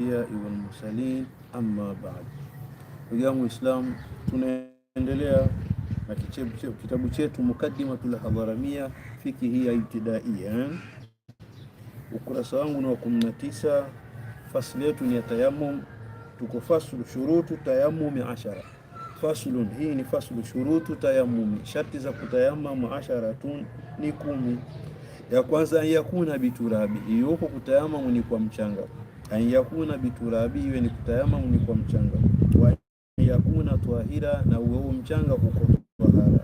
mursalin amma ba'd. Ndugu yangu Islam, tunaendelea na kitabu chetu Mukaddimatul Hadharamia fiki hii ya ibtidaiya. Ukurasa wangu ni wa 19. Fasli yetu ni ya tayammum, tuko faslu shurutu tayammumi ashara. Faslun, hii ni faslu shurutu tayammumi, sharti za kutayamamu asharatun ni kumi. Ya kwanza yakuna biturabi, iyoko kutayamamu ni kwa mchanga anyakuna biturabi, iwe ni kutayamamu ni kwa mchanga, wa yakuna twahira, na uwe mchanga huko tahara,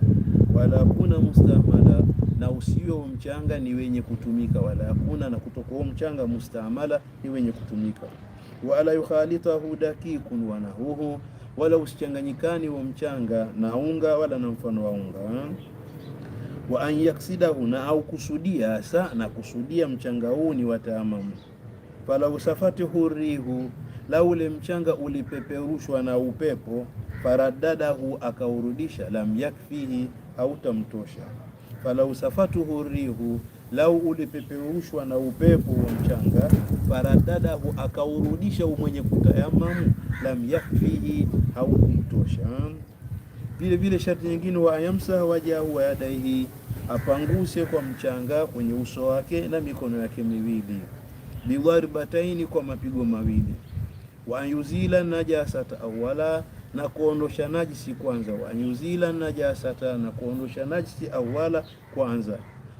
wala kuna mustamala, na usiwe mchanga ni wenye kutumika, wala kuna na kutoko mchanga mustamala ni wenye kutumika, wala yukhalitahu dakikun wa nahuhu, wala usichanganyikani wa mchanga na unga wala na mfano wa unga wa an yaksidahu, na au kusudia. Sa na kusudia mchanga huu ni watamamu fala usafati hurihu, la ule mchanga ulipeperushwa na upepo, faradadahu, akaurudisha, lam yakfihi, hautamtosha. Fala usafatu hurihu, lau ulipeperushwa na upepo wa mchanga, faradadahu, akaurudisha mwenye kutayamamu, lam yakfihi, haukumtosha. Vile vile sharti nyingine, wa ayamsaha wajahu wa yadaihi, apanguse kwa mchanga kwenye uso wake na mikono yake miwili bidharbataini kwa mapigo mawili. Wa anyuzila najasata awala, na kuondosha najisi kwanza. Wa anyuzila najasata, na kuondosha najisi awala kwanza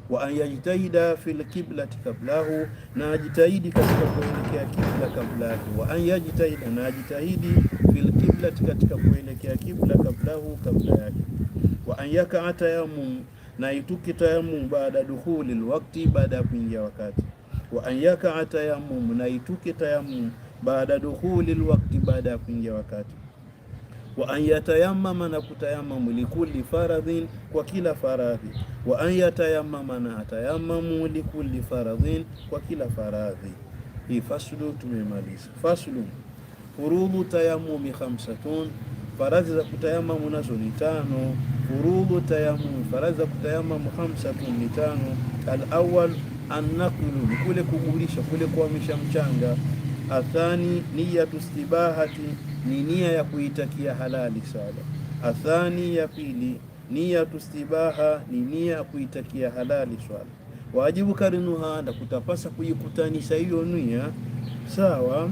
wa anyajitahida fil kiblati kablahu, na ajitahidi katika kuelekea kibla kablahu. Wa anyajitahida, na ajitahidi fil kiblati, katika kuelekea kibla kablahu, kabla yake. Wa anyaka atayamum, na ituki tayamum baada dukhuli lwakti, baada ya kuingia wakati wa an yakaa tayammum, na ituke tayammum baada dukhuli alwaqti, baada ya kuingia wakati wa an yatayammama na kutayammamu, likulli faradhin, kwa kila faradhi. Wa an yatayammama na atayammamu, likulli faradhin, kwa kila faradhi. Hii faslu tumemaliza. Faslu furudhu tayammumi khamsatun, faradhi za kutayammamu nazo ni tano. Furudhu tayammumi, faradhi za kutayammamu khamsatun ni tano. Al awwal annakulu ni kule kugulisha, kule kuhamisha mchanga. Athani niya tustibahati ni nia ya kuitakia halali sala. Athani ya pili niya tustibaha ni nia ya kuitakia halali swala. Wajibu karinuha na kutapasa kuikutanisha hiyo nia sawa.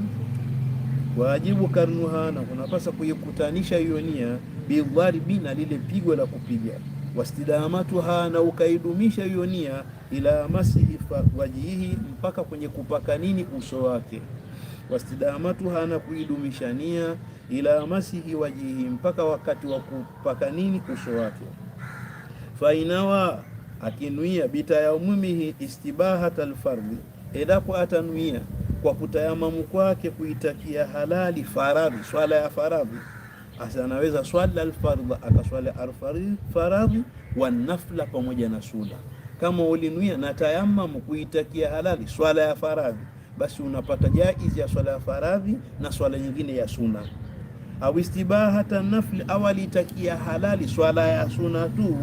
Wajibu karinuha na kunapasa kuikutanisha hiyo nia bidharibi, na lile pigo la kupiga. Wastidamatuha na ukaidumisha hiyo nia ila masihi wajihi, mpaka kwenye kupaka nini uso wake. Wastidamatuha, na kuidumishania, ila masihi wajihi, mpaka wakati wa kupaka nini uso wake. Fainawa, akinuia bitayammumihi istibahata alfardhi, edapo atanuia kwa kutayamamu kwake kuitakia halali faradhi, swala ya faradhi Asa anaweza swala alfardha akaswala alfaradhi wanafla pamoja na suna kama ulinuia na tayamamu kuitakia halali swala ya faradhi, basi unapata jaizi ya swala ya faradhi na swala nyingine ya suna. Au istibahata nafli, au alitakia halali swala ya suna tu,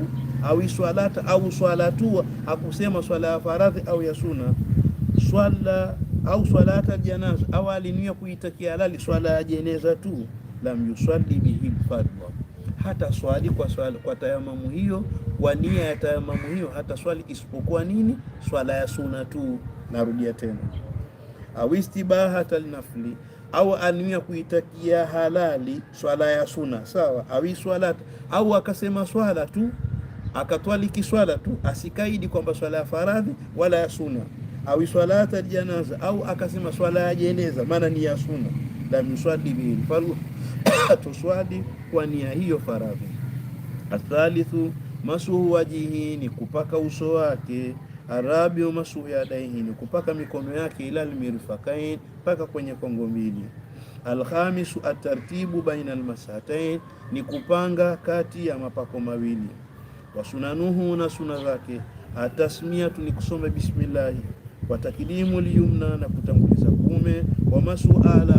au swalata au swala tu, hakusema swala ya faradhi au ya suna swala au swalata janaza, au alinuia kuitakia halali swala ya jeneza tu, lam yusalli bihi fardhu hata swali kwa swali kwa tayamamu hiyo, kwa nia ya tayamamu hiyo hata swali isipokuwa nini? Swala ya suna tu. Narudia tena, au istibahata linafli, au ania kuitakia halali swala ya suna, sawa. Au swala au akasema swala tu, akatwaliki swala tu, asikaidi kwamba swala ya faradhi wala ya suna. Au swala ya janaza, au akasema swala ya jeneza, maana ni ya suna lamyuswadi bihi lfardu tuswadi kwa nia hiyo faradhi. Athalithu masuhu wajihi, ni kupaka uso wake. Arabiu masuhu yadaihi, ni kupaka mikono yake. Ila almirfaqain, mpaka kwenye kongo mbili. Alkhamisu atartibu baina almasatain, ni kupanga kati ya mapako mawili. Wasunanuhu, na suna zake. Atasmiatu, ni kusoma bismillahi. Watakdimu lyumna, na kutanguliza kume. Wamasu ala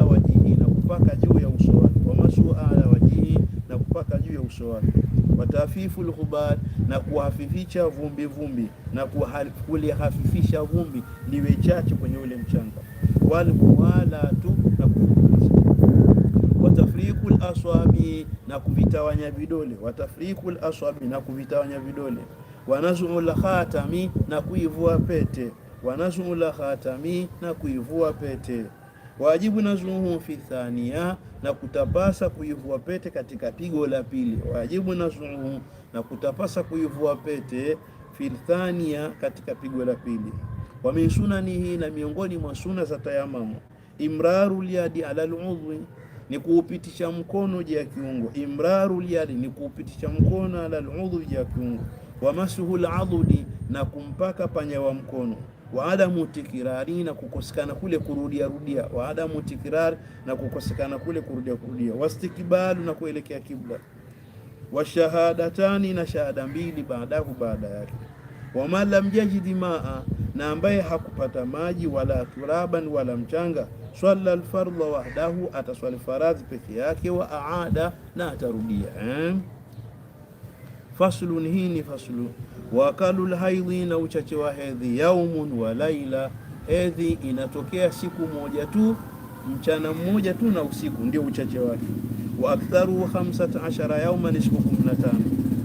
kupaka juu ya uso wake, wa mashu ala wajihi, na kupaka juu ya uso wake, wa tafifu lghubal, na kuhafifisha vumbi vumbi, na kulihafifisha vumbi liwe chache kwenye ule mchanga, wal tu, na wa tafriku laswabi, na kuvitawanya vidole, wa tafriku laswabi, na kuvitawanya vidole, wa nazumu lkhatami, na kuivua pete, wa nazumu lkhatami, na kuivua pete waajibu nazluhu fi thania, na kutapasa kuivua pete katika pigo la pili. Waajibu nazluhu, na kutapasa kuivua pete fi thania, katika pigo la pili. Wa min hii, na miongoni mwa suna za tayamamu. Imraru liadi ala aludhwi, ni kuupitisha mkono juu ya kiungo. Imraru liadi ni kuupitisha mkono ala aludhwi, juu ya kiungo. Wa masuhul aladudi, na kumpaka panya wa mkono wa adamu tikrari, na kukosekana kule kurudia rudia, wa adamu tikrari, na kukosekana kule kurudia kurudia, wastikbalu, na kuelekea kibla, wa shahadatani, na shahada mbili, baadahu, baada yake, wa man lam maa, na ambaye hakupata maji, wala turaban, wala mchanga, swala alfardha wahdahu, ataswali faradhi peke yake, wa aada, na atarudia eh? Faslun, hii ni faslu. Wa akalul haidhi, na uchache wa hedhi. Yaumun wa laila, hedhi inatokea siku moja tu, mchana mmoja tu na usiku, ndio uchache wake. Wa aktharu 15 yauma, ni siku 15.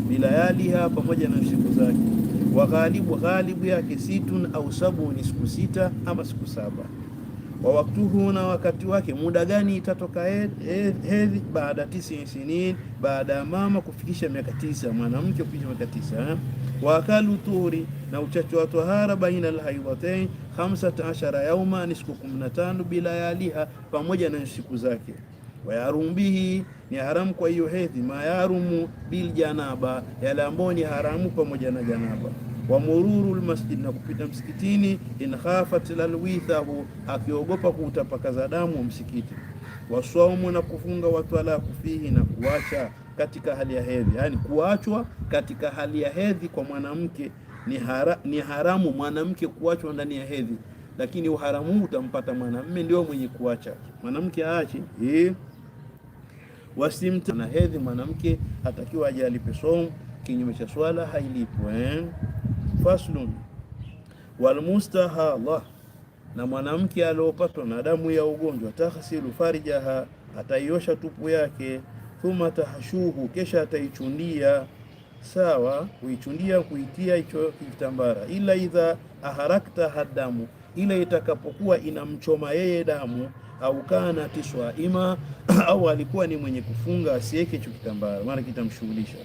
Bilayaliha, pamoja na siku zake. Wa ghalibu, ghalibu yake, situn au sabu, ni siku sita ama siku saba wa waktuhu, na wakati wake, muda gani itatoka hedhi? Baada tisi sinin, baada ya mama kufikisha miaka tisa, mwanamke kufikisha miaka tisa. Eh? Wa akalu na uchache wa tahara, baina alhaidhatain 15 yauma, ni siku 15, bila yaliha, pamoja na siku zake wayarum bihi ni haramu kwa hiyo hedhi, mayarumu bil janaba, yale ambayo ni haramu pamoja na janaba wa mururu lmasjid, na kupita msikitini, in khafat lalwithahu, akiogopa kuutapakaza damu wa msikiti, wasaumu, na kufunga, watwalaku fihi, na kuacha katika hali ya hedhi. Yani kuachwa katika hali ya hedhi kwa mwanamke ni, hara, ni haramu mwanamke kuachwa ndani ya hedhi, lakini uharamu utampata mwanamme ndio mwenye kuacha, mwanamke aache eh wasimta na hedhi. Mwanamke atakiwa ajalipe alipe somu, kinyume cha swala hailipwe eh? Faslun walmustahadha, na mwanamke aliopatwa na damu ya ugonjwa, tahsilu farjaha, ataiosha tupu yake, thumma tahshuhu, kesha ataichundia sawa, kuichundia kuitia hicho kitambara, ila idha aharakta hadamu, ila itakapokuwa inamchoma yeye damu, au kana tiswaima, au alikuwa ni mwenye kufunga asiweke hicho kitambara, maana kitamshughulisha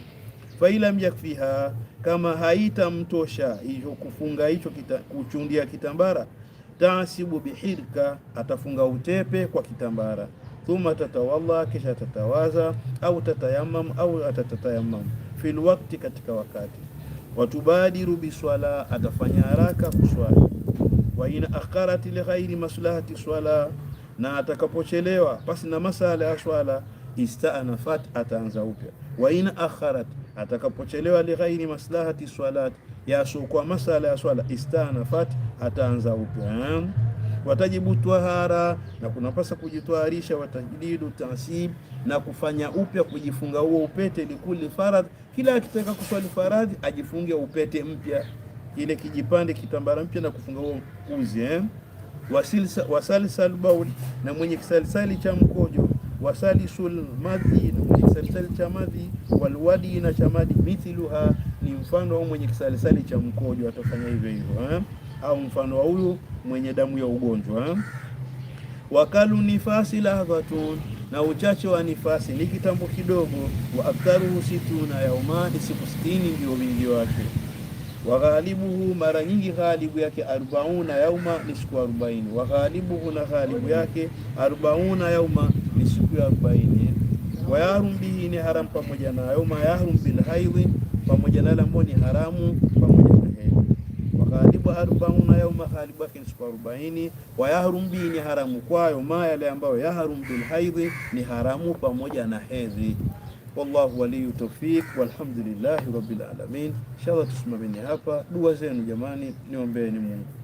failam yakfiha, kama haitamtosha hiyo kufunga hicho kita, kuchundia kitambara, tasibu bihirka, atafunga utepe kwa kitambara, thumma tatawalla, kisha tatawaza au tatayamam au atatayamam fil waqti, katika wakati watubadiru biswala, atafanya haraka kuswali. Wa in akharati li ghairi maslahati swala, na atakapochelewa pasi na masala ya swala, istanafat, ataanza upya. Wa in akharat atakapochelewa lighairi maslahati swalati, yasukwa masala ya swala, istanafat, ataanza upya. Watajibu twahara, na kunapasa kujitwarisha Watajdidu tasib, na kufanya upya kujifunga huo upete. Likuli faradh, kila akitaka kuswali faradhi ajifunge upete mpya, ile kijipande kitambara mpya na kufunga huo uzi eh? Wasalsal baul, na mwenye kisalsali cha mkojo wasalisul madhi na kisarisali cha madhi, walwadi na cha madhi, mithluha ni mfano au mwenye kisalisali cha mkojo atafanya hivyo hivyo eh? au mfano wa huyu mwenye damu ya ugonjwa eh? wakalu nifasi lahatun, na uchache wa nifasi ni kitambo kidogo. wa aktharuhu situna yaumani, siku sitini ndio wingi wake. Waghalibuhu, mara nyingi ghalibu yake arbauna yauma, ni siku arobaini. Waghalibuhu, na ghalibu yake arbauna yauma siku ya arobaini wayahrum bihi ni haramu pamoja nayo, mayahrum bil haidhi pamoja na ambao ni haramu pamoja na hedhi, waghalibu arbauna yauma ghalibu ni siku arobaini. Wayahrum bihi ni haramu kwayo, ma yale ambayo yahrum bil haidhi ni haramu pamoja na hedhi. Wallahu waliyu tawfiq, walhamdulillahi rabbil alamin. Inshallah tusimameni hapa, dua zenu jamani, niombeeni Mungu.